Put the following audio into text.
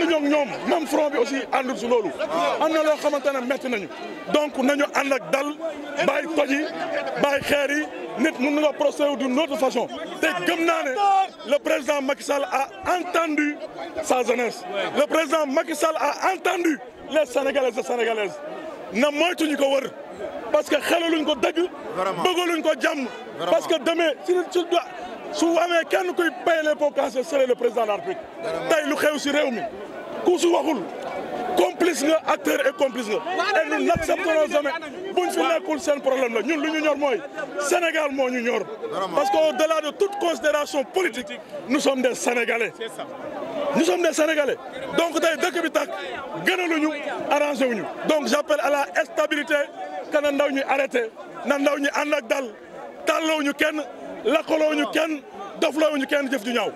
ànd ñoom ñoom même front bi aussi àndul si loolu am na loo xamante ne métti nañu donc nañu ànd ak dal bàyyi toj yi bàyyi xeer yi nit mën nga procéder d'une autre façon te gëm le président Macky Sall a entendu sa jeunesse le président Macky Sall a entendu les sénégalaises et sénégalaises na moytuñu ko wër parce que xelaluñ ko dëgg bëggaluñ ko jàmm parce que demee si su amee kenn kuy payer les pots cassés le président de la lu xew si réew mi ku su waxul complice nga acteur et complice nga et nous n'accepterons jamais buñ fi nekkul seen problème la ñun lu ñu ñor mooy Sénégal moo ñu ñor parce que au-delà de toute considération politique nous sommes des Sénégalais nous sommes des Sénégalais donc tey dëkk bi tàkk gënaluñu arrangé wuñu donc j'appelle à la stabilité que na ndaw ñuy arrêté na ndaw ñi ànd ak dal tàlloo ñu kenn laqaloo ñu kenn dofloo kenn jëf ju ñaaw